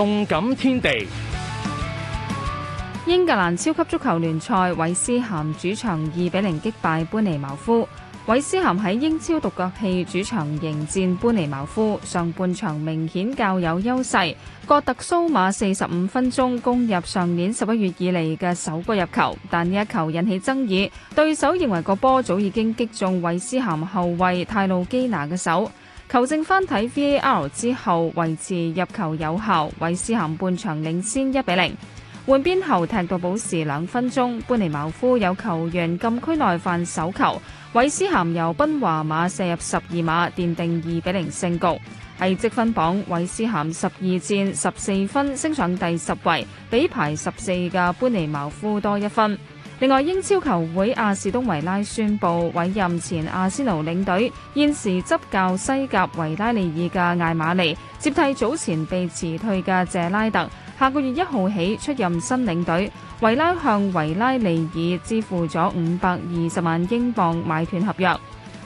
動感天地，英格蘭超級足球聯賽，韋斯咸主場二比零擊敗般尼茅夫。韋斯咸喺英超獨角戲主場迎戰般尼茅夫，上半場明顯較有優勢。戈特蘇馬四十五分鐘攻入上年十一月以嚟嘅首個入球，但呢一球引起爭議，對手認為個波早已經擊中韋斯咸後衛泰路基拿嘅手。球證翻睇 VAR 之後，維持入球有效，韋斯咸半場領先一比零。換邊後踢到補時兩分鐘，般尼茅夫有球員禁區內犯手球，韋斯咸由賓華馬射入十二碼，奠定二比零勝局。係積分榜，韋斯咸十二戰十四分，升上第十位，比排十四嘅般尼茅夫多一分。另外，英超球會阿士東維拉宣布委任前阿仙奴領隊、現時執教西甲維拉利爾嘅艾瑪尼接替早前被辭退嘅謝拉特，下個月一號起出任新領隊。維拉向維拉利爾支付咗五百二十萬英鎊買斷合約。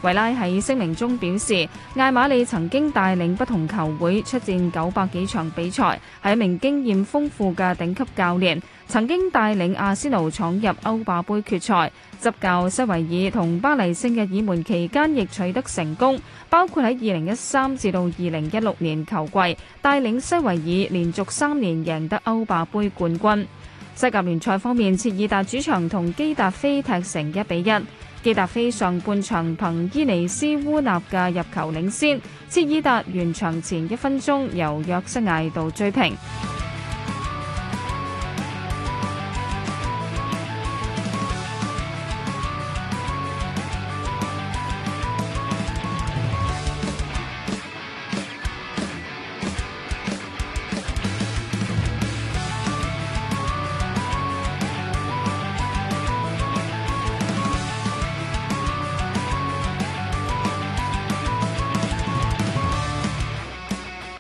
維拉喺聲明中表示，艾馬利曾經帶領不同球會出戰九百幾場比賽，係一名經驗豐富嘅頂級教練。曾經帶領阿仙奴闖入歐霸杯決賽，執教西維爾同巴黎聖日耳門期間亦取得成功，包括喺二零一三至到二零一六年球季，帶領西維爾連續三年贏得歐霸杯冠軍。西甲聯賽方面，切爾達主場同基達菲踢成一比一。基達菲上半場憑伊尼斯烏納嘅入球領先，切爾達完場前一分鐘由約瑟艾度追平。